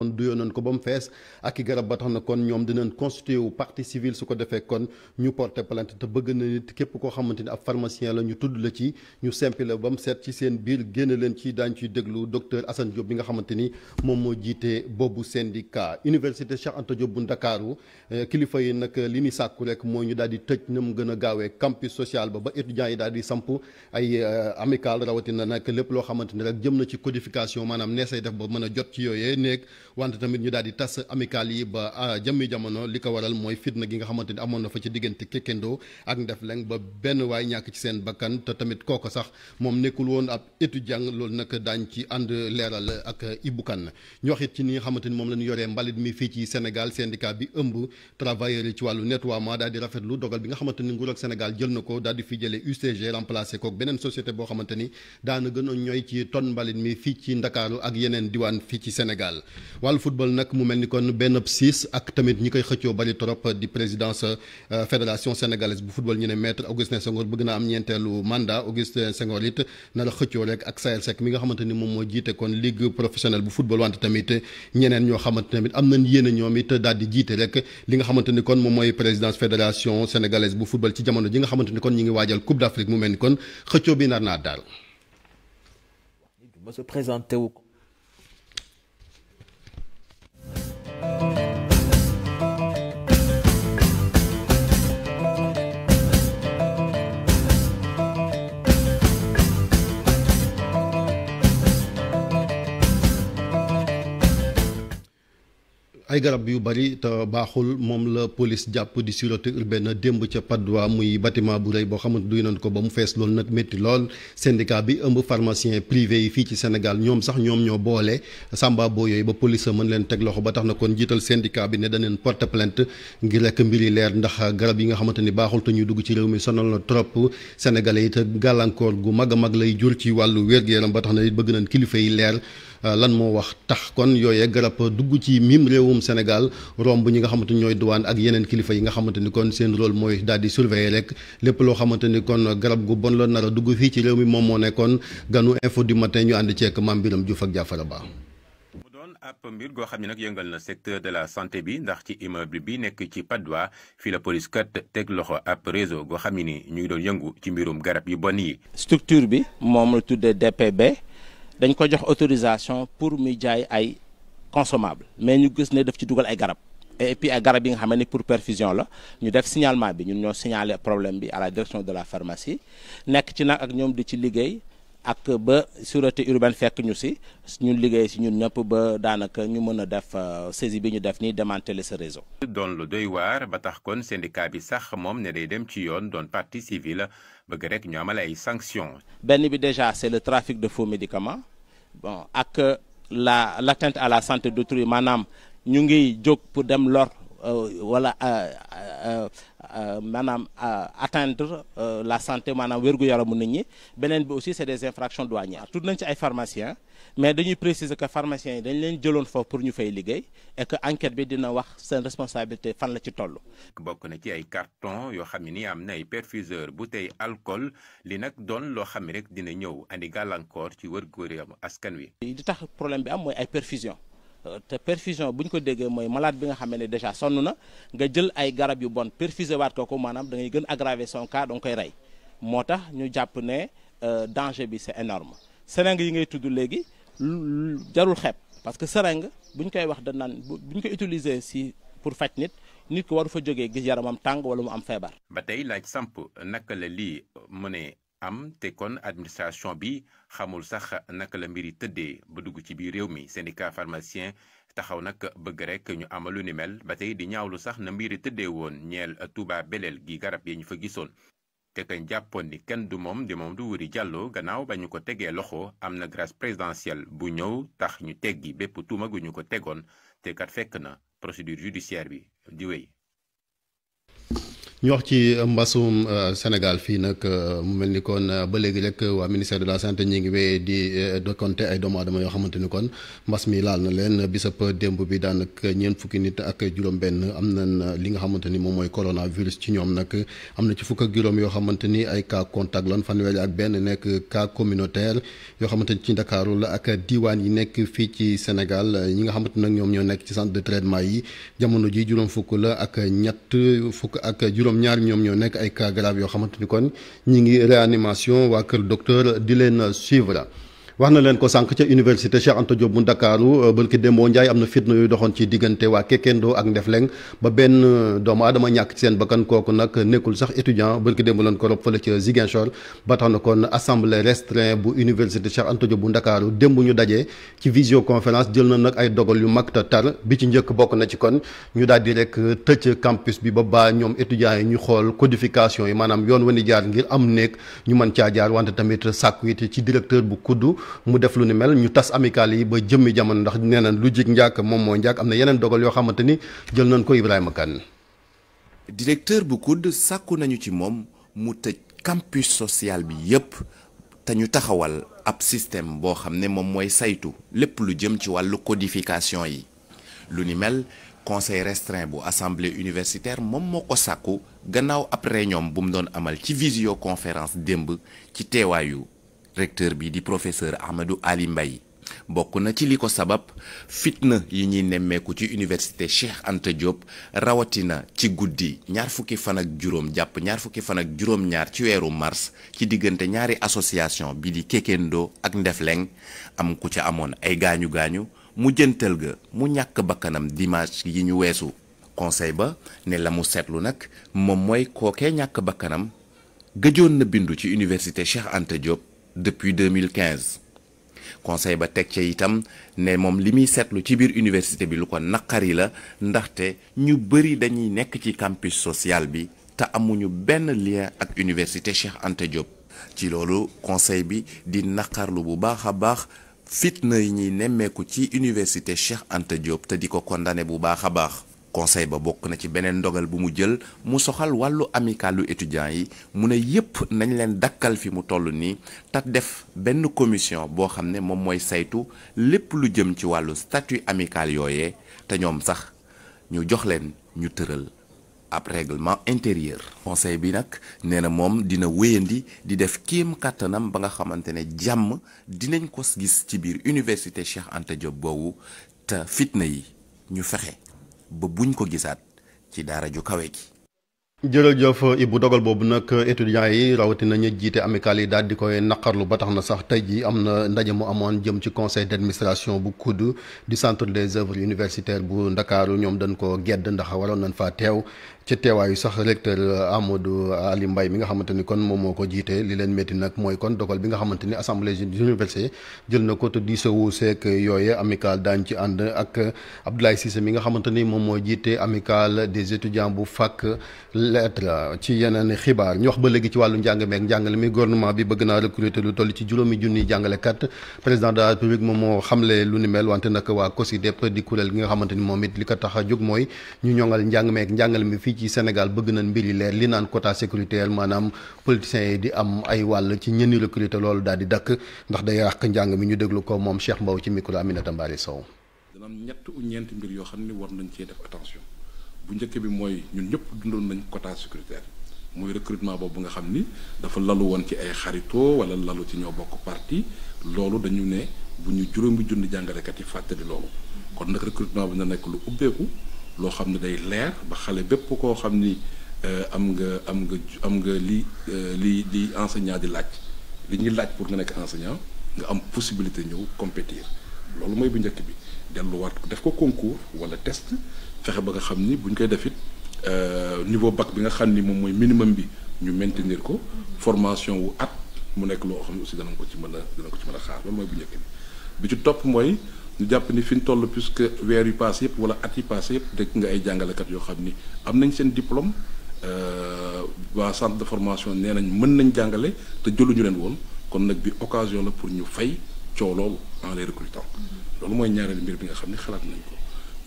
kon du yoonoon ko ba mu fees ak garab ba tax na kon ñoom dinañ constitué wu partie civile su ko defee kon ñu porter plainte te bëgg na nit képp koo xamante ni ab pharmacien la ñu tudd la ci ñu sempile la ba mu seet ci seen biir génn leen ci daañ ciy déglu docteur Assane Diop bi nga xamante ni moom moo jiite boobu syndicat université Cheikh Anta Diop bu Ndakaaru eh, kilifa yi nag li ni sàkku rek moo ñu daal di tëj na mu gën a gaawee campus social ba ba étudiants yi daal di samp ay eh, amical rawatina nag lépp loo xamante ni rek jëm na ci codification maanaam neesay def ba mën a jot ci yooyee néeg wante tamit ñu daal di tas amical yi ba ah, jëmmi jamono li ko waral mooy fitna gi nga xamante ni amoon na fa ci diggante Kekendo ak Ndefleng ba benn waay ñàkk ci seen bakkan te tamit kooko sax moom nekkul woon ab étudiant loolu nag daañ ci ànd leeral ak Ibou Kane ñu wax it ci ni nga xamante ni moom la ñu yoree mbalit mi fii ci Sénégal syndicat bi ëmb travailleurs yi ci wàllu nettoiement daal di rafetlu dogal bi nga xamante ni nguur ak Sénégal jël na ko daal di fi jëlee UCG remplacé kook beneen société boo xamante ni daana gën a ci tonne mbalit mi fii ci Ndakaaru ak yeneen diwaan fii ci Sénégal wàllu football nag mu mel ni kon benn siis ak tamit ñi koy xëccoo bari trop di présidence euh, fédération sénégalaise bu football ñu ne maître Augustin Senghor bëgg naa am ñeenteelu mandat Augustin Senghor it a xëccoo rek ak Saër mi nga xamante ni moom moo jiite kon ligue professionnelle bu football wante tamit ñeneen ñoo xamante tamit am nañ yéen a ñoom it daal di jiite rek li nga xamante ni kon moom mooy présidence fédération sénégalaise bu football ci jamono ji nga xamante ni kon ñu ngi waajal Coupe d'Afrique mu mel ni kon xëccoo bi nar naa daal. ay garab yu bari te baaxul moom la police jàpp di sûreté urbaine démb ca Padoa muy batiment bu rey boo xamante du nañ ko ba mu fees loolu nag métti lool syndicat bi ëmb pharmacien privé yi fii ci Sénégal ñoom sax ñoom ñoo boole samba boo yooyu ba police mën leen teg loxo ba tax na kon jiital syndicat bi ne daneen porte plainte ngir rek mbir yi leer ndax garab yi nga xamante ni baaxul te ñuy dugg ci réew mi sonal na trop sénégalais yi te gàllankoor gu mag a mag lay jur ci wàllu wér yaram ba tax na it bëgg nañ kilifa yi leer Euh, lan moo wax tax kon yooyee garab dugg ci miim réewum Sénégal romb ñi nga xamante ñooy duwaan ak yeneen kilifa yi nga xamante ni kon seen rol mooy daal di surveiller rek lépp loo xamante ni kon garab gu bon la nar a dugg fii ci réew mi moom moo nekkoon ganu info du matin ñu ànd ceek maam Biram Diouf ak Jaafara Ba ab mbir goo xam ne nag yëngal na secteur de la santé bi ndax ci immeuble bi nekk ci Padois fii la police kat teg loxo ab réseau goo xam ne ni ñu ngi doon yëngu ci mbirum garab yu bon yi. structure bi moom la tuddee DPB dañ ko jox autorisation pour muy jaay ay consommable mais ñu gis ne def ci dugal ay garab et puis ay garab yi nga xam ne pour perfusion la ñu def signalement bi ñun ñoo signaler problème bi la direction de la pharmacie nekk ci nag ak ñoom di ci liggéey ak ba sûreté urbaine fekk ñu si ñun liggéey si ñun ñëpp ba daanaka ñu mën a def euh, saisie bi ñu def nii démanteler ce réseau. doon lu doy waar ba tax kon syndicat bi sax moom ne day dem ci yoon doon partie civile bëgg rek ñu amal ay sanctions. benn bi déjà c'est le trafic de faux médicaments. bon ak euh, la l'atteinte à la santé d'autrui maanaam ñu ngi jóg pour dem lor Euh, wala euh, euh, maanaam atteindre la santé maanaam wér-gu-yaramu nit ñi beneen bi aussi c'est des infractions douanières tudd nañ ci ay pharmaciens mais dañuy préciser que pharmaciens yi dañ leen jëloon foofu pour ñu fay liggéey et que enquête bi dina wax seen responsabilité fan la ci toll. bokk na ci ay carton yoo xam ne ni am na ay bu tey alcool li nag doon loo xam ne rek dina ñëw andi gàllankoor ci wér-gu-yaramu askan wi. li tax problème bi am mooy ay perfusion te perfusion bu ñu ko déggee mooy malaat bi nga xamee ne déjà sonn na nga jël ay garab yu bon perfusé waat ko ko maanaam da ngay gën aggraver son cas da koy rey moo tax ñu jàpp ne euh, danger bi c'est énorme seringue yi ngay tudd léegi jarul xeeb parce que seringue bu ñu koy wax da naan bu ñu ko utiliser si pour faj nit nit ko waru fa jógee gis yaramam tàng wala mu am feebar. ba tey laaj samp naka la lii mu ne am te kon administration bi xamul sax naka la mbir yi tëddee ba dugg ci biir réew mi syndicat pharmacien taxaw nag bëgg rek ñu amalu ni mel ba tey di ñaawlu sax na mbir yi tëddee woon ñeel Touba beleel gi garab yi ñu fa gisoon. te kañ jàppoon ni kenn du moom di moom du wuri jàlloo gannaaw ba ñu ko tegee loxo am na grâce présidentielle bu ñëw tax ñu teggi bépp tuumaguñu ko tegoon te kat fekk na procédure judiciaire bi di wéy. ñu wax ci mbasum euh, Sénégal fii nag euh, mu mel ni kon euh, ba léegi rek waa ministère de la santé ñi ngi wéyee di dokonte ay doomu aadama yoo xamante ni kon mbas mi laal na leen bisab démb bi daanaka ñeent fukki nit ak juróom-benn am na li nga xamante ni moom mooy coronavirus ci ñoom nag am na ci fukk ak juróom yoo xamante ni ay cas contact lan fanweer ak benn nekk cas communautaire yoo xamante ni ci Ndakaaru la ak diwaan yi nekk fii ci Sénégal ñi nga xamant nag ñoom ñoo nekk ci centre de traitement yi jamono ji juróom fukk la ak ñett fukk ak juróom juróom-ñaar ñoom ñoo nekk ay cas grave yoo xamante ni kon ñi ngi réanimation waa kër docteur di leen suivre wax na leen ko sànq ca université Cheikh Anta Diop bu Ndakaaru euh, bërki démboo Njaay am na fitna yooyu doxoon ci diggante waa Kekendo ak Ndefleng ba benn euh, doomu adama ñàkk ci seen bakkan kooku nag nekkul sax étudiant bërki démb leen ko rob fële ca Ziguinchor ba tax na kon assemblée restreint bu université Cheikh Anta Diop bu Ndakaaru démb ñu dajee ci visioconférence jël na nag ay dogal yu mag te tar bi ci njëkk bokk na ci kon ñu daal di rek euh, tëj campus bi ba baa ñoom étudiants yi ñu xool codification yi maanaam yoon wani jaar ngir am néeg ñu mën caa jaar wante tamit sàkku it ci directeur bu kuddu mu def lu ni mel ñu tas amicale yi ba jëmmi jamono ndax nee na lu jig njàkk moom moo njàkk am na yeneen dogal yoo xamante jël nañ ko Ibrahima Kane. directeur bu COUD sàkku nañu ci moom mu tëj campus social bi yépp te ñu taxawal ab système boo xam ne moom mooy saytu lépp lu jëm ci wàllu codification yi lu ni mel conseil restreint bu assemblée universitaire moom moo ko sàkku gannaaw ab réunion bu mu doon amal ci visioconférence démb ci teewaayu recteur bii di professeur Amadou Ali Mbaye bokk na ci li ko sabab fitna yi ñuy nemmeeku ci université Cheikh Anta Diop rawatina ci guddi ñaar fukki fan ak juróom jàpp ñaar fukki fan ak juróom-ñaar ci weeru mars ci diggante ñaari association bi di Kekendo ak Ndefleng am ku ca amoon ay gaañu gaañu mu jëntal ga mu ñàkk bakkanam dimanche yi ñu weesu conseil ba ne la mu seetlu nag moom mooy kooke ñàkk bakkanam gëjoon na bindu ci université Cheikh Anta Diop depuis 2015 conseil ba teg ca itam ne moom li muy seetlu ci biir université bi lu ko naqari la ndaxte ñu bëri dañuy nekk ci campus social bi te amuñu benn lien ak université Cheikh Anta Diop. ci loolu conseil bi di naqarlu bu baax a baax fitna yi ñuy nemmeeku ci université Cheikh Anta Diop te di ko condamné bu baax a baax. conseil ba bokk na ci beneen ndogal bu mu jël mu soxal wàllu amicalu étudiants yi mu ne yépp nañ leen dakkal fi mu toll nii tat def benn commission boo xam ne moom mooy saytu lépp lu jëm ci wàllu statut amical yooyee te ñoom sax ñu jox leen ñu tëral ab règlement intérieur conseil bi nag nee na moom dina wéyandi di def kéem kàttanam ba nga xamante ne jàmm dinañ ko gis ci biir université Cheikh Anta Diop boobu te fitna yi ñu fexe ba buñ ko gisaat ci daara ju kawe gi. jërëjëf bu dogal boobu nag étudiants yi rawatina ñu jiite amicale yi daal di koy naqarlu ba tax na sax tey jii am na ndaje mu amoon jëm ci conseil d'administration bu kudd du centre des seuvre universitaire bu Ndakaaru ñoom dañ ko gedd ndax waroon nañ faa teew ci teewaayu sax recteur euh, Amadou euh, Ali Mbaye mi nga xamante ni kon moom moo ko jiite li leen métti nag mooy kon dogal bi nga xamante ni assemblée universelle jël na ko te diisoo seek yooye amical daañ ci ànd ak Abdoulaye Cissé mi nga xamante ni moom moo jiite amical des étudiants bu fac lettre ci yeneen xibaar ñu wax ba léegi ci wàllu njàng meek njàngale mi gouvernement bi bëgg naa recruter lu toll ci juróomi junni jàngalekat président de la république moom moo xamle lu ni mel wante nag waa COSYDEP di kuréel gi nga xamante ni moom it li ko tax a jóg mooy ñu ñoŋal njàng meek mi fii fii ci Sénégal bëgg nañ mbir yi leer li naan quota sécuritaire maanaam politiciens yi di am ay wàll ci ñenn daal di dakk ndax day yàq njàng ñu déglu moom Cheikh Mbow ci micro Aminata Mbari Sow. dana yoo xam ne war nañ cee def attention bu njëkk bi mooy ñun ñëpp dundoon nañ quota sécuritaire muy recrutement boobu nga xam ni dafa lalu woon ci ay xaritoo wala lalu ci ñoo bokk parti loolu dañu ne bu ñu juróomi junni jàngalekat yi fàttali loolu kon nag recrutement bi na nekk lu ubbeeku. loo xam ne day leer ba xale bépp koo xam ni euh, am nga am nga am nga lii li euh, li enseignant di laaj li ñuy laaj pour nga nekk enseignant nga am possibilité ñëw compétir loolu mooy bu njëkk bi ko def ko concours wala test fexe ba nga xam ni bu ñu koy def it euh, niveau bac bi nga xam ni moom mooy minimum bi ñu maintenir ko formation wu at mu nekk loo xam ne aussi dana ko ci mën a dana ko ci mën a xaar loolu mooy bu njëkk bi bi ci topp mooy. ñu jàpp ni fi ñu toll puisque weer yu paase yëpp wala at yi paase yëpp dégg nga ay jàngalekat yoo xam ni am nañ seen diplôme euh, waa centre de formation nee nañ mën nañ jàngale te jëluñu leen woon kon nag bi occasion la pour ñu fay coow en lee recrutant loolu mooy ñaareelu mbir mi nga xam ne xalaat nañ ko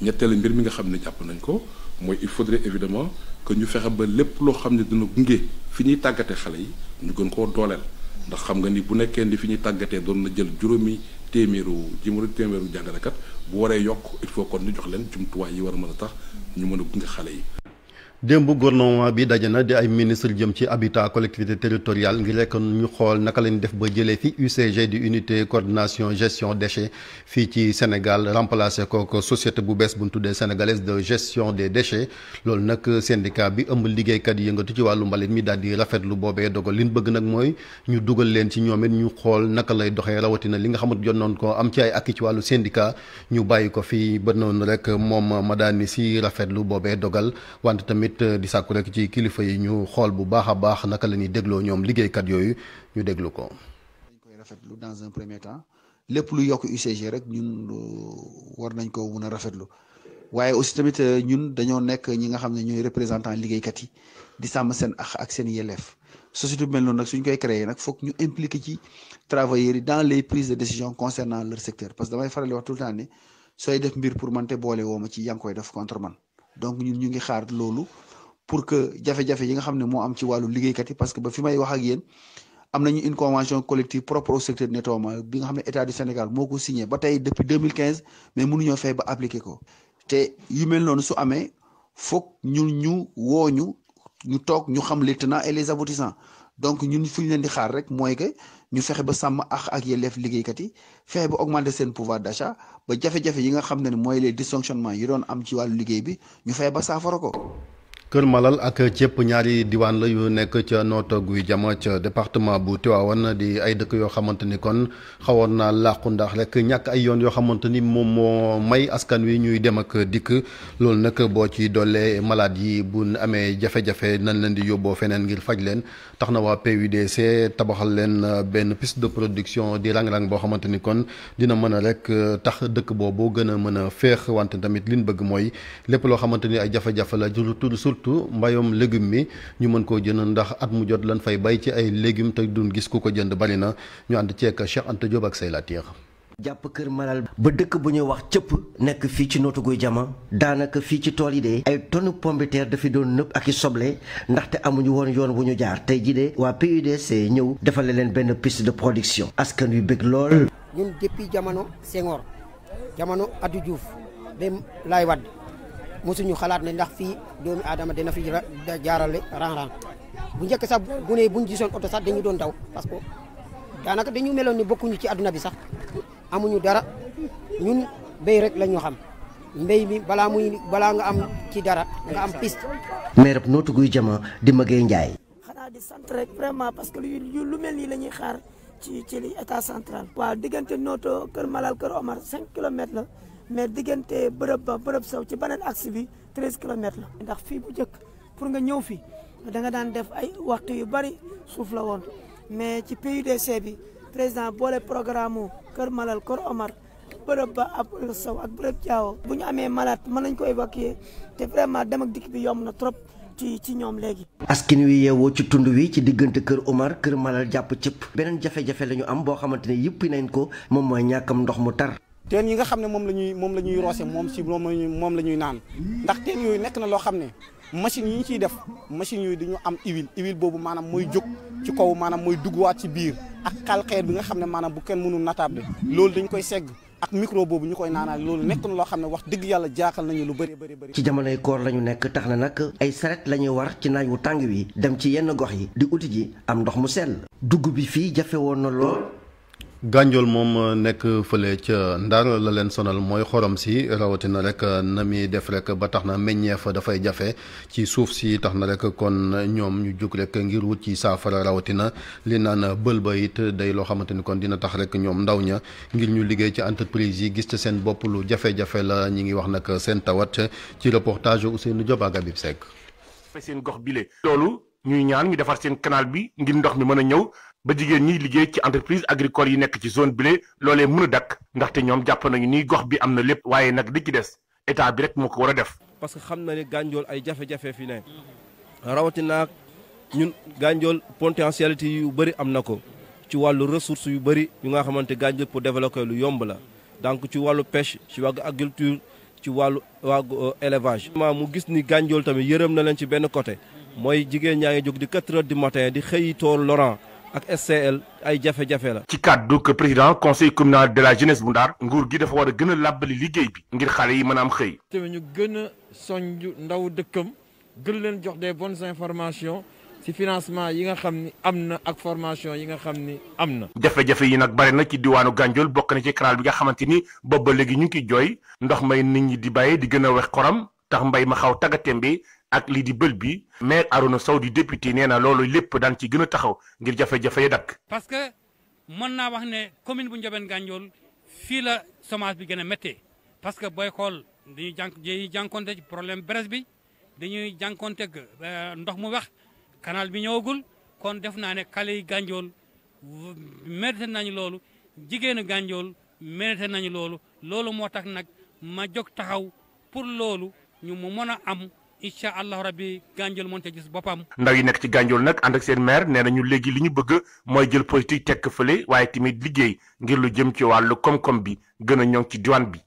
ñetteelu mbir mi nga xam ne jàpp nañ ko mooy il faudrait évidemment que ñu fexe ba lépp loo xam ne dina gunge fi ñuy tàggatee xale yi ñu gën koo dooleel ndax xam ni bu nekkee ni fi ñuy tàggatee doon na jël juróomi téeméeru juróomi téeméeru jàngalekat bu waree yokk il faut kon ñu jox leen jumtuwaay yi war a mën a tax ñu mën a gunge xale yi démb gouvernement bi daje na di ay ministre jëm ci habitat collectivité territoriale ngir rek ñu xool naka lañ def ba jëlee fi UCG di unité coordination gestion déchets fii ci Sénégal remplacé ko société bu bees bu ñu tuddee sénégalaise de gestion des déchets loolu nag syndicat bi ëmb liggéeykat yi yëngatu ci wàllu mbalit mi daal di rafetlu boobee dogal li ñu bëgg nag mooy ñu dugal leen ci ñoom it ñu xool naka lay doxee rawatina li nga xamante jot noonu ko am ci ay akki ci wàllu ñu bàyyi ko fii ba noonu rek moom Madani si rafetlu boobee dogal it eh, di sàkku rek ci kilifa yi ñu xool bu baax a baax naka la ñuy dégloo ñoom liggéeykat yooyu ñu déglu ko. dañ koy rafetlu dans un premier temps lépp lu yokk UCG rek ñun euh, war nañ ko mun a lu waaye aussi tamit euh, ñun dañoo nekk ñi nga xam ne ñooy représentant liggéeykat yi di sàmm seen ax ak seen yelleef société bu mel noonu nag suñ koy créer nag foog ñu impliqué ci travailleurs yi dans les prises de décision concernant leur secteur parce que damay faral wax tout temps sooy def mbir man te boole woo ma ci yaa koy def contre man. donc ñun ñu ngi xaar loolu pour que jafe-jafe yi nga xam ne moo am ci wàllu liggéeykat yi parce que ba fi may wax ak yéen am nañu une convention collective propre au secteur nettoiement bi nga xam ne état du Sénégal moo ko signé ba tey depuis 2015 mais mënuñoo fay ba appliqué ko te yu mel noonu su amee foog ñu ñu woo ñu ñu toog ñu xam les tenants et les aboutissants donc ñun fu ñu leen di xaar rek mooy que ñu fexe ba sàmm ak ak yelleef liggéeykat yi fexe ba augmenter seen pouvoir d'achat ba jafe-jafe yi nga xam ne mooy les dysfonctionnements yi doon am ci wàllu liggéey bi ñu fay ba saafara ko. Kër Malal ak cépp ñaari diwaan la yu nekk ca noota guy jama ca département bu na di ay dëkk yoo xamante ni kon xawoon naa làqu ndax rek ñàkk ay yoon yoo xamante ni moom moo may askan wi ñuy dem ak dikk loolu nag boo ci doolee malade yi bu amee jafe-jafe nañ leen di yóbboo feneen ngir faj leen tax na waa PUDC tabaxal leen benn piste de production di rang-rang boo xamante ni kon dina mën a rek tax dëkk boo boo gën a mën a féex wante tamit liñ bëgg mooy lépp loo ay jafe-jafe surtout mbayum légume mi ñu mën koo jënd ndax at mu jot lan fay bay ci ay légumes te duñ gis ku ko jënd bari na ñu ànd ceek Cheikh Anta Diop ak say latiir jàpp kër malal ba dëkk bu ñuy wax cëpp nekk fii ci nootuguy guy daanaka fii ci tool yi de ay tonne pomme de dafi doon nëpp ak i soble ndaxte amuñu woon yoon bu ñu jaar tey ji de waa PUDC ñëw defale leen benn piste de production askan wi bëgg lool ñun depuis jamono Senghor jamono Abdou Diouf ba Laay Wade mosuñu xalaat ne ndax fii doomi aadama na fi jaarale rang-rang bu njëkk sax bu ne buñ gisoon oto sax dañu doon daw parce que daanaka dañu meloon ni bokkuñu ci adduna bi sax amuñu dara ñun béy rek la ñu xam mbéy mi balaa muy balaa nga am ci dara nga am piste. maire ab nootu guy jama di Maguette Ndiaye. xanaa di sant rek vraiment parce que lu lu mel nii la ñuy xaar ci ci li état central. waaw diggante nooto Kër malaal Kër Omar 5 kilomètres la. mais diggante bërëb ba bërëb saw ci beneen axe bi 13 kilomètres la. ndax fii bu njëkk pour nga ñëw fi da nga daan def ay waxtu yu bari suuf la woon mais ci PUDC bi président boole programme mu Kër Malal Kër Omar bërëb ba ab saw ak bërëb jaawo bu ñu amee malade mën nañ ko évacuer te vraiment dem ak dikk bi yomb na trop. ci ci ñoom léegi. askin wi yeewoo ci tund wi ci diggante kër Omar kër Malal jàpp cëpp beneen jafe-jafe la ñu am boo xamante ne yëpp nañ ko moom mooy ñàkkam ndox mu tar. teen yi nga xam ne moom lañuy moom la ñuy roose moom si moom la moom la ñuy naan ndax teen yooyu nekk na loo xam ne machines yi ñu ciy def machines yooyu dañu am huile huile boobu maanaam mooy jóg ci kaw maanaam mooy dugguwaat ci biir ak xalxeer bi nga xam ne maanaam bu kenn mënul natable loolu dañ koy segg ak micro boobu ñu koy naanaal loolu nekk na loo xam ne wax dëgg yàlla jaaxal nañu lu bëri bëri bëri ci jamonoy koor lañu nekk tax na nag ay saret la ñuy war ci wu tàng wi dem ci yenn gox yi di uti ji am mu sell dugg bi fii jafe woon na lool gànjool moom euh, nekk fële ca ndar la leen sonal mooy xorom si rawatina rek euh, na muy def rek ba tax na meññeef dafay jafe ci suuf si tax na rek kon ñoom ñu jóg rek ngir wut ci saafara rawatina li naan bël ba it day loo xamante ni kon dina tax rek ñoom ndaw ña ngir ñu liggéey ci entreprise yi gis ci seen bopp lu jafe-jafe la ñi ngi wax nag seen tawat ci reportage Ousseynou Diop ak Habib Seck. seen gox bile. loolu ñuy ñaan ñu defar seen canal bi ndox mi mën a ñëw ba jigéen ñiy liggéey ci entreprise agricole yi nekk ci zone bile loolee mën a dakk ndaxte ñoom jàpp nañu ni gox bi am na lépp waaye nag li ci des état bi rek moo ko war a def. parce que xam na ne gànjool ay jafe-jafe fi ne rawatina ñun gànjool potentialité yu bëri am na ko ci wàllu ressource yu bëri yu nga xamante gànjool pour développer lu yomb la donc ci wàllu pêche ci wàllu agriculture ci wàllu wàllu euh, élevage. vraiment mu gis ni gànjool tamit yërëm na leen ci benn côté mooy jigéen ñaa ngi jóg di 4 heures du di xëyi toor Laurent. ak SCL ay jafe-jafe la. ci kàddu que président conseil communal de la jeunesse bu Ndar nguur gi dafa war a gën a làbbali liggéey bi ngir xale yi mën am xëy. te ñu gën a ndaw dëkkam gën leen jox des bonnes information ci financement yi nga xam ni am na ak formation yi nga xam ni am na. jafe-jafe yi nag bari na ci diwaanu Gandiol bokk na ci canal bi nga xamante ni boobu ba léegi ñu ngi jooy ndox may nit ñi di bàyyi di gën a wex koram tax mbay ma xaw tàggatem bi ak lii di bël bi maire Arouna Sow di député nee na loolu lépp daan ci gën a taxaw ngir jafe-jafe ya dakk parce que mën naa wax ne commune bu Ndiobène Gandiol fii la chômage bi gën a méttee parce que booy xool dañuy jànk dañuy jànkonte ci problème brèche bi dañuy jànkonte euh, ndox mu wex canal bi agul kon def naa ne xale yi Gandiol mérité nañu loolu jigéenu Gandiol mérité nañu loolu loolu moo tax nag ma jóg taxaw pour loolu ñu mu mën a am incha allahu rabbi Gandiol moon te gis boppam. ndaw yi nekk ci Gandiol nag ànd ak seen maire nee nañu léegi li ñu bëgg mooy jël politique tekk fële waaye tamit liggéey ngir lu jëm ci wàllu koom-koom bi gën a ñoŋ ci diwaan bi.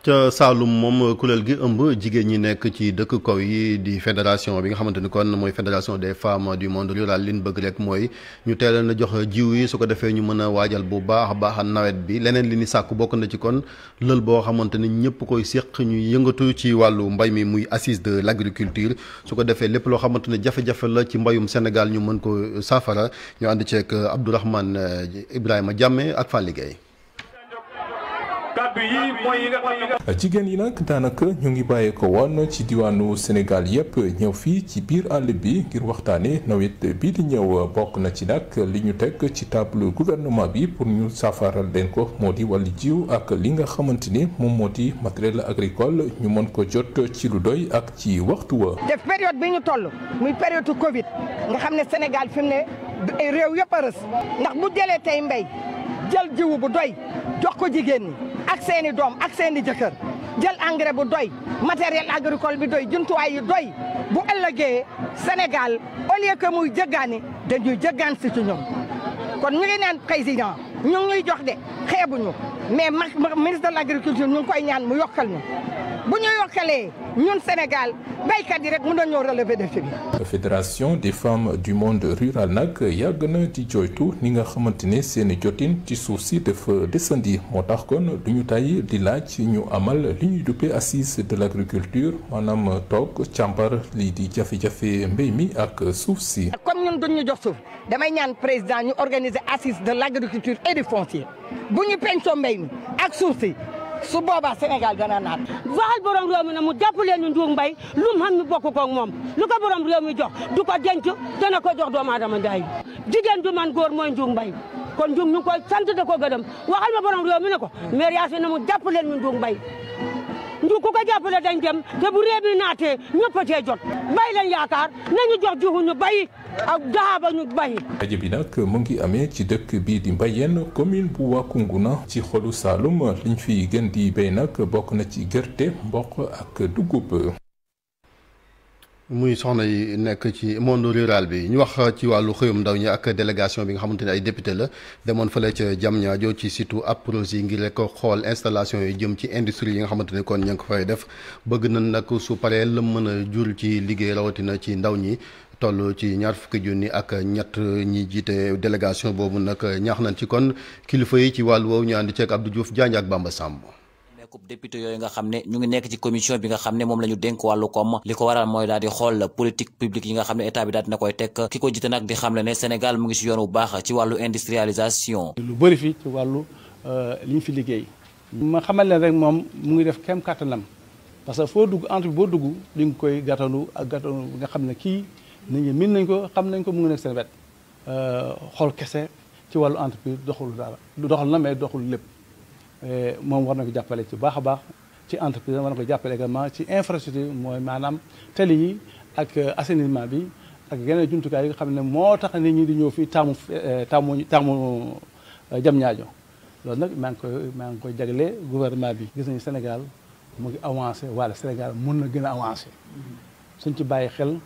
ca Saalum moom kuréel gi ëmb jigéen ñi nekk ci dëkk kaw yi di fédération bi nga xamante ni kon mooy fédération des femmes du monde rural li ñu bëgg rek mooy ñu teel na jox jiw yi su ko defee ñu mën a waajal bu baax a baax nawet bi leneen li ni sàkku bokk na ci kon lël boo xamante ni ñëpp koy séq ñu yëngatu ci wàllu mbay mi muy assise de l'agriculture su ko defee lépp loo xamante ne jafe-jafe la ci mbayum Sénégal ñu mën ko saafara ñu ànd ceeg Abdourahmane Ibrahima Diame ak Fallou jigéen yi nag daanaka ñu ngi bàyyee ko woon ci diwaanu Sénégal yépp ñëw fii ci biir àll bi ngir waxtaanee nawet bii di ñëw bokk na ci nag li ñu teg ci table gouvernement bi pour ñu saafaral leen ko moo di wàllu jiw ak li nga xamante ni moom moo di matériel agricole ñu mën ko jot ci lu doy ak ci waxtu wa. def période bi ñu toll muy période Covid nga xam ne Sénégal fi mu ne réew yëpp a rës ndax bu jëlee tey mbéy jël jiwu bu doy jox ko jigéen ñi. ak seen i doom ak seen i jëkkër jël engrais bu doy matériel agricole bi doy jumtuwaay yu doy bu ëllëgee Sénégal au lieu que muy jëggaani dañuy jëggaan ñoom kon ñu ngi naan président ñu ngi ñuy jox de xeebuñu mais ministre de l'agriculture ñu ngi koy ñaan mu yokkal ñu bu ñu yokkalee ñun Sénégal béykat yi rek mën nañoo relever défi bi. fédération des femmes du monde rural nag yàgg na di joytu ni nga xamante ne seen jotin ci suuf si dafa desandi moo tax kon du ñu tàyyi di laaj ñu amal li ñuy duppee assise de l'agriculture maanaam toog càmbar li di jafe-jafe mbéy mi ak suuf si. comme ñun duñ jox suuf damay ñaan président ñu organiser assise de l'agriculture et mi ak suuf si su boobaa Sénégal dana naat. waxal borom réew mi na mu jàppale leen Ndour Mbaye lu mu xam ñu bokk moom lu ko borom réew mi jox du ko denc dana ko jox doomu aadama njaay jigéen du man góor mooy Ndour Mbaye kon Ndour ñu ngi koy sant da ko gërëm waxal ma borom réew mi ne ko maire yaa fi ne mu jàppale ñu Ndour Mbaye nju ku ko jàppale dañ dem te bu réew mi naatee ñëpp cee jot bay yaakaar nañu jox juhu ñu bay ak daaba ñu bay. rajo bi nag mu ngi amee ci dëkk bii di yenn commune bu Wakunguna ci xolu Saloum liñ fiy gën di bay nag bokk na ci gerte mboq ak dugub. muy soxna yi nekk ci monde rural bi ñu wax ci wàllu xëyum ndaw ñi ak délégation bi nga xamante ne ay député la demoon fële ca Diamniadio ci surtout approche yi ngir rek xool installation yi jëm ci industrie yi nga xamante ne kon ña ngi ko fay def bëgg nañ nag su paree la mën a jur ci liggéey rawatina ci ndaw ñi toll ci ñaar fukki junni ak ñett ñi jiite délégation boobu nag ñaax nañ ci kon kilifa yi ci wàllu woowu ñu ànd ceeg Abdou Diouf Diagne ak Bamba Samb. nekkub député yooyu nga xam ne ñu ngi nekk ci commission bi nga xam ne moom la ñu dénk wàllu koom li ko waral mooy daal di xool politique publique yi nga xam ne état bi daal di ne mu ngi si yoon bu baax ci wàllu euh, boo dugg li nga koy gàttanu ak gàttanu bi nga xam ne kii nit ñi min nañ ko xam nañ ko mu ngi nekk seen wet euh, xool kese ci wàllu entreprise doxul dara doxul lépp Eh, moom war na ko jàppale ci baax a baax ci entreprise war na ko jàppale également ci infrastructure mooy maanaam tali yi ak euh, assainissement bi ak yeneen jumtukaay yi nga xam ne moo tax nit ñi di ñëw fii taamu euh, taamu taamu euh, jam ñaajo loolu nag maa ngi koy maa ngi koy jagle gouvernement bi gis nañu Sénégal mu ngi avancé wala Sénégal mun na gën a avancé mm-hmm. suñ ci bàyyi xel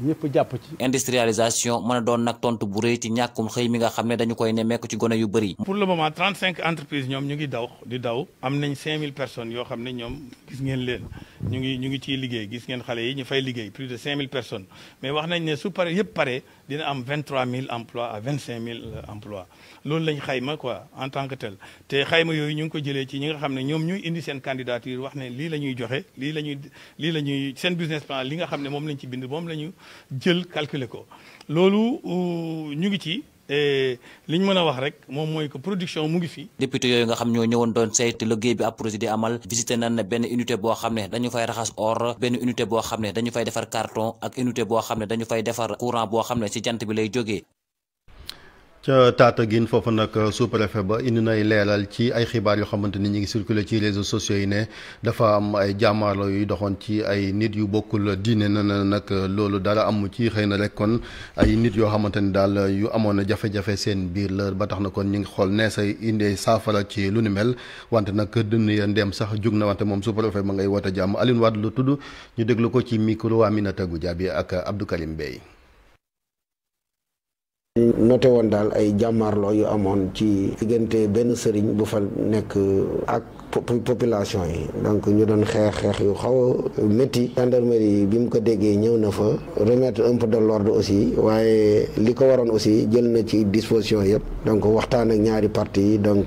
ñëpp jàpp ci industrialisation mën a doon nag tontu bu rëy ci ñàkkum xëy mi nga xam ne dañu koy nemmeeku ci gone yu bëri pour le moment trente cinq entreprises ñoom ñu ngi daw di daw am nañ cinq mille yoo xam ne ñoom ngeen leen ñu ngi ñu ngi ciy liggéey gis ngeen xale yi ñu fay liggéey plus de cinq mille mais wax nañ ne su pare yëpp pare dina am vingt trois mille emplois à vingt cinq mille euh, emplois loolu lañ xayma quoi en tant que tel te xayma yooyu ñu ngi ko jëlee ci ñi nga xam ne ñoom ñuy indi seen candidature wax ne lii la ñuy joxe lii la ñuy lii la ñuy seen business plan li nga xam ne moom lañ ci bind moom la jël calculer ko loolu euh, ñu ngi ci li ñu mën a wax rek moom mooy que production mu ngi fi. député yooyu nga xam ñoo ñëwoon doon saytu liggéey bi ab projet di amal visité nan na benn unité boo xam ne dañu fay raxas or benn unité boo xam ne dañu fay defar carton ak unité boo xam ne dañu fay defar courant boo xam ne si jant bi lay jógee. ca Tataguine foofu nag euh, sous-préfet ba indi nay leeral ci ay xibaar yoo xamante ni ñu ngi circulé ci réseaux sociaux yi ne dafa am ay jàmmaarloo yuy doxoon ci ay nit yu bokkul diine na na nag euh, loolu dara amu ci xëy na rek kon ay nit yoo xamante ni daal euh, yu amoon na jafe-jafe seen biir la ba tax na kon ñu ngi xool ne say indee saafara ci lu ni mel wante nag dënn ya ndeem sax jug na wante moom sous-préfet ba ngay woote jàmm Alioune Wade lu tudd ñu déglu ko ci micro Aminata Goudiaby ak Abdou noté woon daal ay jàmmaarloo yu amoon ci diggante benn sëriñ bu fa nekk ak population yi donc ñu doon xeex xeex yu xaw a métti gendarmerie bi mu ko déggee ñëw na fa remettre un peu de aussi waaye li ko waroon aussi jël na ci disposition yëpp donc waxtaan ak ñaari partie yi donc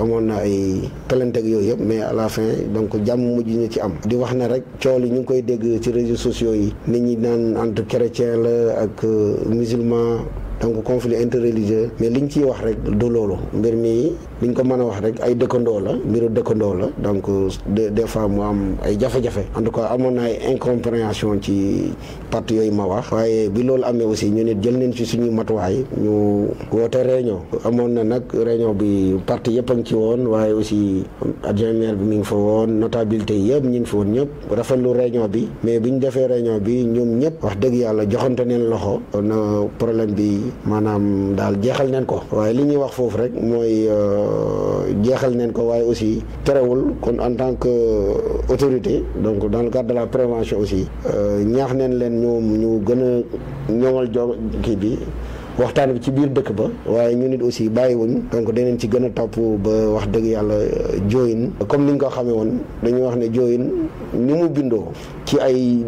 amoon na ay plainte yooyu yëpp mais à la fin donc jàmm mujj na ci am di wax ne rek coow li ñu ngi koy dégg ci réseaux sociaux yi nit ñi naan entre chrétien la ak musulman donc conflit interreligieux mais li ñu ciy wax rek du loolu mbir mi niñ ko mën a wax rek ay dëkkandoo la mbiru dëkkandoo la donc des fois mu am ay jafe-jafe en tout amoon na ay incompréhension ci parti yooyu ma wax waaye bi loolu amee aussi ñu nit jël nañ ci suñu matuwaay ñu woote réunion amoon na nag réunion bi parti yëpp a ngi ci woon waaye aussi adjoint bi mi ngi fa woon notabilité yëpp ñu ngi fa woon ñëpp rafetlu réunion bi mais bi ñu defee réunion bi ñoom ñëpp wax dëgg yàlla joxante neen loxo na euh, problème bi maanaam daal jeexal neen ko jeexal neen ko waaye aussi terewul kon en tant que euh, autorité donc dans le cadre de la prévention aussi euh, ñaax neen leen ñoom ñu gën a ñoŋal jo kii bi waxtaan bi ci biir dëkk ba waaye ñu nit aussi bàyyiwuñ donc danañ ci gën a topp ba wax dëgg yàlla euh, jooyin comme ni ñu ko xamee woon dañuy wax ne jooyin ni mu bindoo ci ay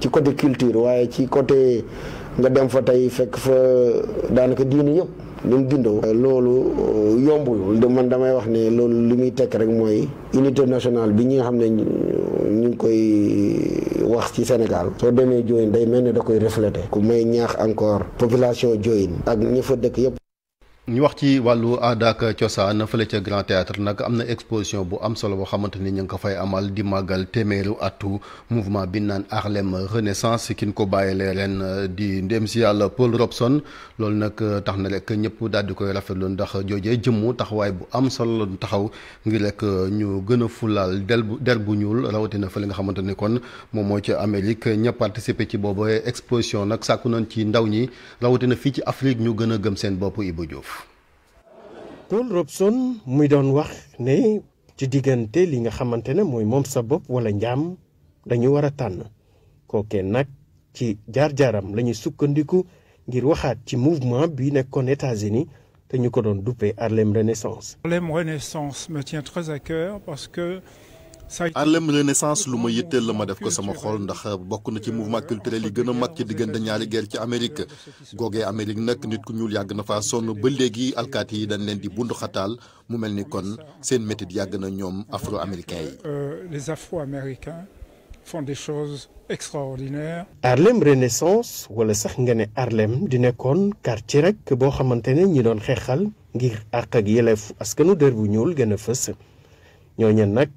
ci côté culture waaye ci côté nga dem fa tey fekk fa daanaka diini yëpp ni mu bindoo euh, loolu euh, yombul de man damay wax ne loolu li muy tekk rek mooy unité nationale bi ñi nga xam ne ñu ngi koy euh, wax ci Sénégal soo demee Diohine day mel ni da koy refléter ku may ñaax encore population Diohine ak ñi fa dëkk yëpp ñu wax ci wàllu aada ak cosaan fële ca grand théâtre nag am na exposition bu am solo boo xamante ni ñu ngi ko fay amal di màggal téeméeru atu mouvement bi naan Harlem Renaissance kin ko bàyyi bàyyilee ren euh, di ndem si yàlla Paul Robson loolu nag euh, tax na rek ñëpp daldi di koy rafetlu ndax joojee jëmmu taxawaay bu am solo la taxaw ngir rek euh, ñu gën a fulaal del bu der bu ñuul rawatina fële nga xamante ni kon moom moo ci Amérique ña participer ci boobu exposition nag sàkku nañ ci ndaw ñi rawatina fii ci Afrique ñu gën a gëm seen bopp Ibou Diouf Paul Robeson muy doon wax ne ci diggante li nga xamante ne mooy moom sa bopp wala njaam dañu war a tànn kookee nag ci jaar-jaaram lañuy sukkandiku ngir waxaat ci mouvement bi nekkoon États-Unis te ñu ko doon duppee Harlem Renaissance. Harlem Renaissance me tient très à cœur parce que Harlem Renaissance lu ma yitteel la ma def ko sama xol ndax bokk na ci mouvement culturel yi gën a mag ci diggante ñaari guerre ci Amérique googee Amérique nag nit ku ñuul yàgg na faa sonn ba léegi alkaati dañ leen di bundu mu mel ni kon seen métit yàgg na ñoom afro américains yi. Euh, les afro américains font des choses extraordinaires. wala sax nga ne Harlem di nekkoon quartier rek boo xamante ne ñi doon xeexal ngir àq ak yelleefu askanu dër bu ñuul gën a fës ñooñu nag.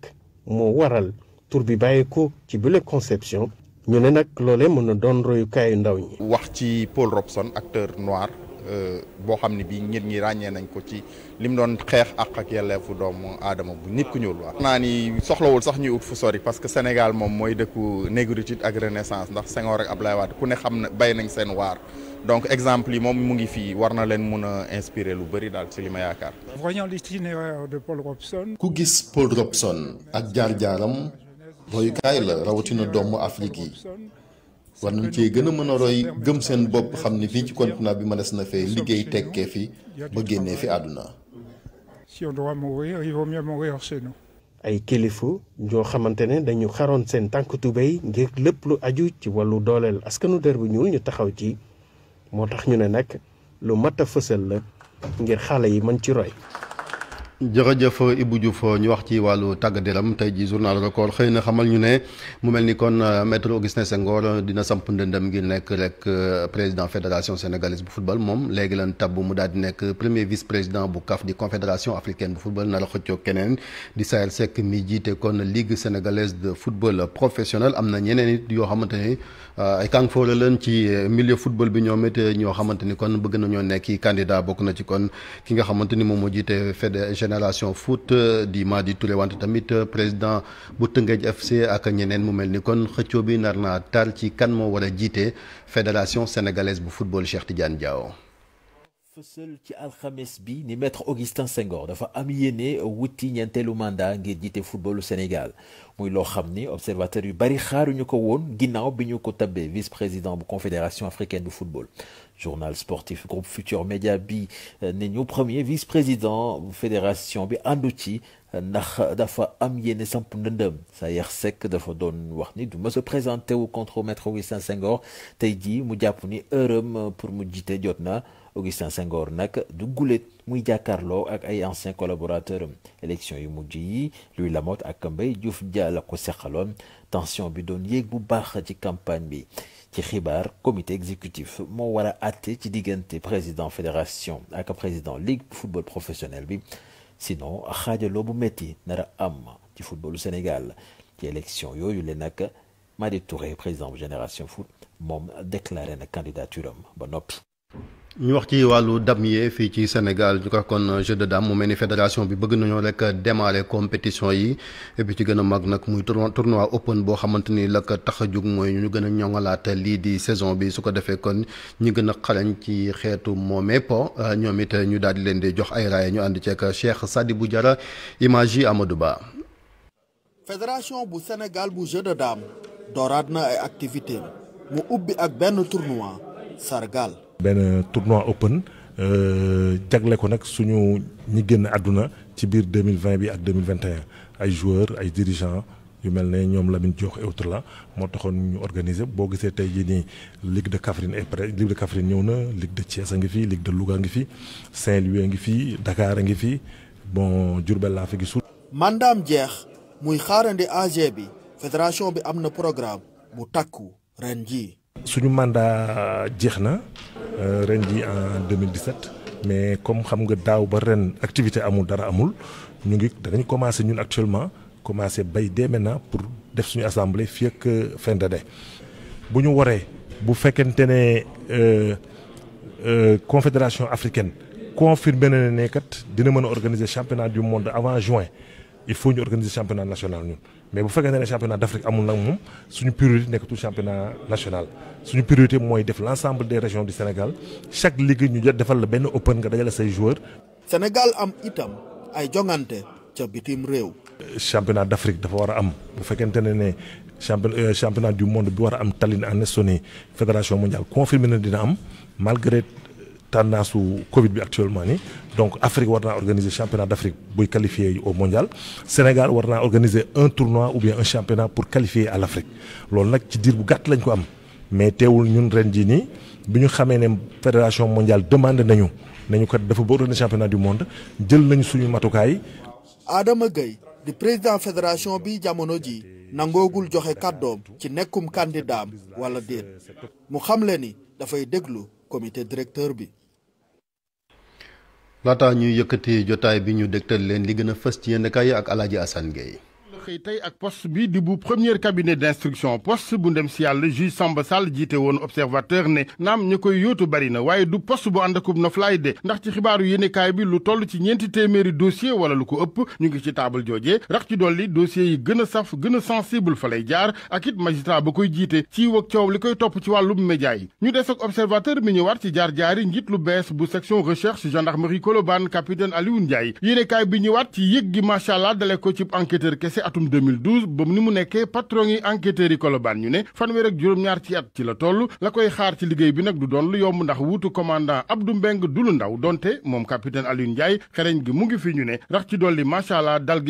moo waral tur bi bàyyi ko ci bile conception ñu ne nag loole mën na doon royukaayu ndaw ñi. wax ci Paul Robson acteur noir. Euh, boo xam ne bii nit ñi ràññee nañ ko ci lim doon xeex ak ak yelleefu doomu aadama bu nit ku waa naa ni soxlawul sax ñuy ut fu sori parce que Sénégal moom mooy dëkku négritude ak renaissance ndax Senghor ak Abdoulaye Wade ku ne xam na bay nañ seen waar donc exemple yi moom mu ngi fii war na leen mun a inspirer lu bëri daal ci li ma yaakaar. voyons l'itinéraire de Paul Robson. ku gis Paul Robson ak jaar-jaaram royukaay la rawatina doomu Afrique yi. war nañ cee gën a mën a roy gëm seen bopp xam ne fii ci continent bi ma na fee liggéey tekkee fi ba génnee fi àdduna. ay kilifa ñoo xamante ne dañu xaroon seen tànk tubéy ngir lépp lu aju ci wàllu dooleel askanu der bu ñuul ñu taxaw ci moo tax ñu ne nag lu mat a fësal la ngir xale yi mën ci roy. jërëjëf Ibou Diouf ñu wax ci wàllu tàggat yaram tey ji journal record xëy na xamal ñu ne mu mel ni kon euh, maître Augustin Senghor euh, dina samp ndëndëm ngir nekk rek euh, président fédération sénégalaise bu football moom léegi lan tabb mu daal di nekk premier vice président bu CAF di confédération africaine bu football nar a keneen di Saër Seck mi jiite kon ligue sénégalaise de football professionnel am na ñeneen it yoo xamante ni ay kàngfoore leen ci milieu football bi ñoom it ni kon bëgg na ci kon ni moom moo jiite génération foot euh, di Madi Touré wante tamit euh, président bu Tëngéej FC ak ñeneen mu mel ni kon xëccoo bi nar naa taal ci kan moo war a jiite fédération sénégalaise bu football Cheikh Tidiane Diaw. fësal ci alxames bi ni maître Augustin Senghor dafa am yéene wuti ñeenteelu mandat ngir jiite footballu Sénégal muy loo xam ni observateur yu bari xaaruñu ko woon ginnaaw bi ñu ko tabbee vice président bu confédération africaine bu football journal sportif groupe Futur Média bi euh, ne ñu premier vice-président fédération bi àndu ci euh, ndax dafa am yéene samp ndëndëm Sayer Seck dafa doon wax ni du ma se présenté wu contre maître Augustin Senghor tey jii mu jàpp ni heureum euh, pour mu jiite jot na Augustin Senghor nag du gulet muy jàkkaarloo ak ay anciens collaborateurs am élection yu mujj yi Louis Lamotte ak Mbaye Diouf Dia la ko seqaloon tension bi doon yéeg bu baax ci campagne bi ci xibaar comité exécutif moo war a àtte ci diggante président fédération ak président ligue football professionnel bi sinon xaajaloo bu métti nar a am ci footballu Sénégal ci élection yooyu le nag Madi Touré président bu génération foot moom déclaré na candidature am ba noppi. ñu wax ci wàllu dam yee fii ci Sénégal ñu ko kon jeu de dame mu mel ni fédération bi bëgg nañoo rek démarrer compétition yi bi ci gën a mag nag muy tournoi open boo xamante ni la ko tax a jug mooy ñu gën a ñoŋalaat lii di saison bi su ko defee kon ñu gën a xarañ ci xeetu moomee po euh, ñoom it ñu daal di leen di jox ay raaya ñu ànd ceeg Cheikh bu jara image yi amadu Ba. fédération bu Sénégal bu jeu na activité mu ak benn tournoi sargal. benn tournoi open euh, jagle ko nag suñu ñi génn àdduna ci biir 2020 bi ak 2021 ay joueurs ay dirigeants yu mel ne ñoom Lamine Diop et autres la moo taxoon ñu organiser boo gisee tey jii nii Ligue de Kaffrine est prêt Ligue de Kaffrine ñëw na Ligue de Thiès a ngi fi Ligue de Louga a ngi fi Saint-Louis a ngi fi dakaar a ngi fi bon Diourbel laa gi gisul. mandaam jeex muy xaarandi AG bi fédération bi am na programme mu takku ren jii. suñu mandat jeex na euh, ren ji en 2017 mais comme xam nga daaw ba ren activité amul dara amul ñu ngi danañ commencé ñun actuellement commencé bay dès na pour def suñu assemblée fii ak euh, fin d'année bu ñu waree bu fekkente ne euh, confédération africaine confirmé na ne kat dina mën a organiser championnat du monde avant juin il faut ñu organiser championnat national ñun. mais bu fekkee ne championnat d'Afrique amul nag moom suñu priorité nekk tout championnat national suñu priorité mooy def l'ensemble de régions du Sénégal chaque ligue ñu jot defal la benn open nga dajale say joueurs. Sénégal am itam ay jongante ca bitim réew. championnat d'Afrique dafa war a am bu fekkente ne ne champion euh, championnat du monde bi war a am Tallinn en Estonie fédération mondiale confirmé na dina am malgré tendance su Covid bi actuellement nii. donc Afrique war naa organiser championnat d' Afrique buy qualifier au mondial Sénégal war naa organiser un tournoi ou bien un championnat pour qualifier à Afrique loolu nag ci diir bu gàtt lañ ko am mais teewul ñun ren jii nii bi ñu xamee ne fédération mondial demande nañu nañu kat dafa bëgg organiser championnat du monde jël nañu suñu matukaay. Adama Gueye di président fédération bi jamono ji nangoogul joxe kàddoom ci nekkum candidat am wala déet mu xamle ni dafay déglu comité directeur bi. laata ñuy yëkkati jotaay bi ñu dégtal leen li gën a fës ci yenn kaay ak Alaaji Assane Gueye xëy tey ak poste bi di bu premier cabinet d'instruction poste bu ndem si yàlla juge Samba Sall jiite woon observateur ne naam ñu koy yóotu bari na waaye du poste bu ànd akub noflaay de ndax ci xibaaru yéenekaay bi lu toll ci ñeenti téeméeri dossier wala lu ko ëpp ñu ngi ci taabal joojee rax ci dolli dossier yi gën a saf gën a sensible fa lay jaar ak it magistrat ba koy jiite ci wag coow li koy topp ci wàllum média yi ñu des ak observateur mi ñëwaat ci jaar-jaari njiit lu bees bu section recherche gendarmerie Colobane capitaine Aliou Ndiaye yéenekaay bi ñëwaat ci yëg gi macha allah dale ko ci enquêteur kese atum 2012 ba ni mu nekkee patron yi enquêteurs yi Colobane ñu ne fanweer ak juróom-ñaar ci at ci la toll la koy xaar ci liggéey bi nag du doon lu yomb ndax wuutu commandant Abdou Mbeng du lu ndaw donte moom capitaine Alioune Ndiaye xereñ gi mu ngi fi ñu ne rax ci dolli macha allah dal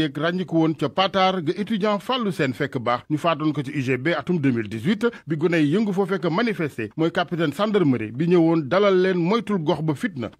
woon ca Patar ga étudiant fàllu seen fekk baax ñu faatoon ko ci UGB atum bi gone yëngu foo fekk mooy capitaine gendarmerie bi ñëwoon dalal leen moytul gox ba fitna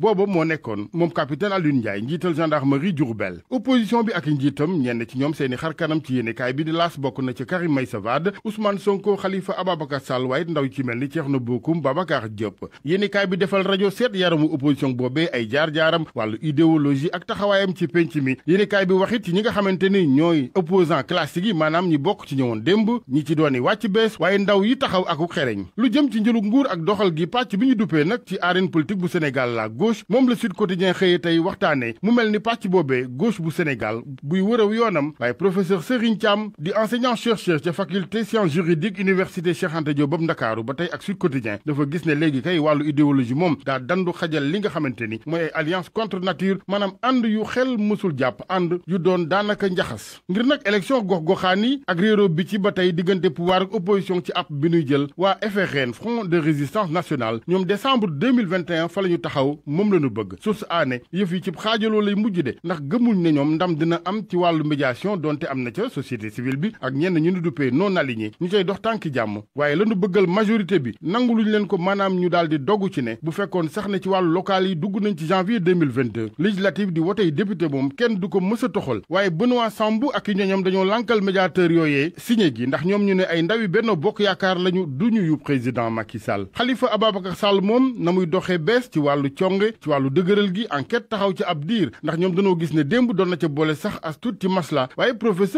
kanam ci yéenekaay bi di laas bokk na ci Karim Meïssa Wade Ousmane Sonko Khalifa Ababacar Sall waaye ndaw ci mel ni Thierno Bocoum Babacar Diop yéenekaay bi defal rajo seet yaramu opposition boobee ay jaar-jaaram wàllu idéologie ak taxawaayam ci penc mi yéenekaay bi waxit ci ñi nga xamante ni ñooy opposant classique yi maanaam ñi bokk ci ñëwoon démb ñi ci dooni wàcc bees waaye ndaw yi taxaw aku xereñ lu jëm ci njëlu nguur ak doxal gi pàcc bi ñu duppee nag ci arène politique bu Sénégal la gauche moom la Sud Quotidien xëye tey waxtaane mu mel ni pàcc boobee gauche bu Sénégal buy wërëw yoonam waaye docteur Serigne Thiam di enseignant chercheur ca faculté sciences juridiques iniversité Cheikh Anta Diop boobu Ndakaaru ba tey ak Sud Quotidien dafa gis ne léegi kay wàllu idéologie moom daa dandu xajal li nga xamante ni mooy ay alliance contre nature maanaam ànd yu xel mësul jàpp ànd yu doon daanaka njaxas ngir nag élection gox-goxaan yi ak réero bi ci ba tey diggante pouvoir ak opposition ci ab bi nuy jël waa FRN Front de Résistance Nationale ñoom décembre 2021 fa la ñu taxaw moom la ñu bëgg source aané yëf ci xaajaloo lay mujj de ndax gëmuñ ne ñoom ndam dina am ci wàllu médiation doonte am na ca société civile bi ak ñenn ñu nu duppee non aligné ñu cay dox tànki jàmm waaye lañu bëggal majorité bi nangu luñ ko maanaam ñu daal di dogu ci ne bu fekkoon sax ne ci wàllu local yi dugg nañ ci janvier 2022 législative di wotey député moom kenn du ko mës a toxal waaye Benoît Sambou ak i ñoñam dañoo lànkal médiateur yooyee signé gi ndax ñoom ñu ne ay ndawi benn Bokk Yaakaar lañu duñu yu président ki Sall Khalifa Ababacar sal moom na muy doxee bees ci wàllu conge ci wàllu dëgëral gi enquête taxaw ci ab diir ndax ñoom dañoo gis ne démb doon na ca boole sax as tuut ci masla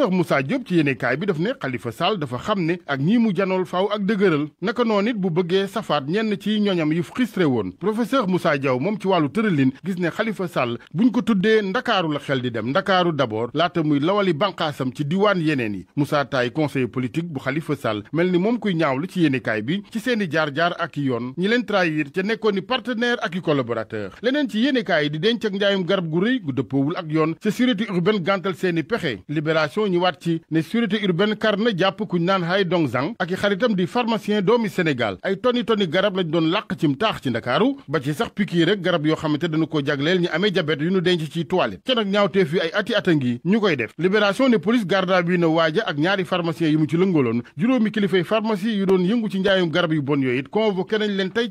professeur Moussa Diop ci yéenekaay bi daf ne Khalifa Sall dafa xam ne ak ñii mu janool faaw ak dëgëral naka noonu it bu bëggee safaat ñenn ci ñoñam yu frustré woon professeur Moussa Diaw moom ci wàllu tëralin gis ne Khalifa Sall buñ ko tuddee ndakaaru la xel di dem ndakaaru d'abord laata muy lawali banqaasam ci diwaan yeneen yi Moussa Taye conseiller politique bu Khalifa Sall mel ni moom kuy ñaawlu ci yéenekaay bi ci seeni jaar-jaar ak i yoon ñi leen trahir ca nekkoon ni partenaire ak i collaborateur leneen ci yéenekaay yi di denc ak njaayum garab gu rëy gu dëppoowul ak yoon sécurité urbaine gàntal seeni pexe libération ñëwaat ci ne sûreté urbaine kar na jàpp kuñ naan hay dong zang ak i xaritam di pharmacien doomi Sénégal ay toni toni garab lañ doon làq cim taax ci ndakaaru ba ci sax pikiir rek garab yoo xamante dañu ko jagleel ñu amee jabet yu ñu denc ci toilette ca nag ñaawteef yi ay ati ata ngi ñu koy def libération ne police garda bi na waaja ak ñaari pharmacien yi mu ci lëngaloon juróomi kilifay pharmacie yu doon yëngu ci njaayum garab yu bon yooyu it convoqué leen tey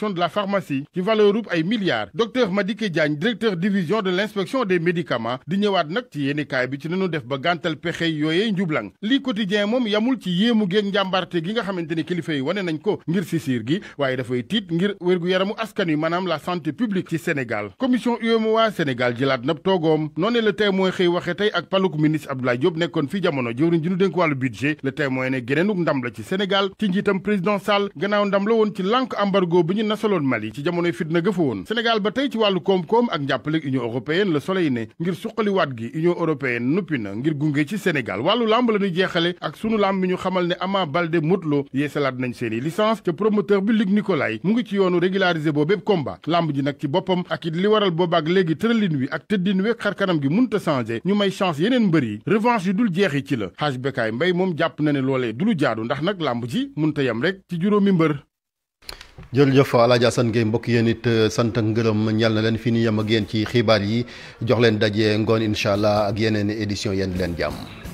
de la pharmacie ci valeur ay milliards inspection des médicament di ñëwaat nag ci kaay bi ci nañu def ba gàntal pexe yooyee njublang lii quotidien moom yamul ci yéemu géeg njàmbarte gi nga xamante ni kilifa yi wane nañ ko ngir sisir gi waaye dafay tiit ngir wér-gu-yaramu askan wi maanaam la santé publique ci Sénégal commission UEMOA Sénégal jilaat nab toogoom noonee le témoin xëy waxe tey ak paluk ministre Abdoulaye Diop nekkoon fi jamono jëwriñ ji ñu dénk wàllu budget le témoin ne geneenuk la ci Sénégal ci njiitam président Sall gannaaw ndam la woon ci lànk embargo bi ñu nasaloon Mali ci jamonoy fitna gëfa woon Sénégal ba tey ci wàllu koom-koom ak njàppale Union européenne Le Soleil ne ngir suqaliwaat gi union européenne nuppi na ngir gunge ci Sénégal wàllu làmb la nu jeexale ak sunu làmb ñu xamal ne Ama Baldé Modou Lô yeesalaat nañ seeni licence te promoteur bi Luc Nicolaï mu ngi ci yoonu régulariser boo bépp komba lamb ji nag ci boppam ak it li waral boobaak léegi tëralin wi ak tëddin wi xar kanam gi munta changé ñu may chance yeneen mbër yi revanche yu dul jeexi ci la xaaj bekaay mbay moom jàpp na ne loolee du lu jaadu ndax nag làmb ji munta yam rek ci juróomi mbër jërëjëf Alaaji Assane Gueye mbokk yéen it euh, sant ak ngërëm ñal na leen fi ñu yem ak yéen ci xibaar yi jox leen daje ngoon incha allah ak yeneen édition yéen leen jàmm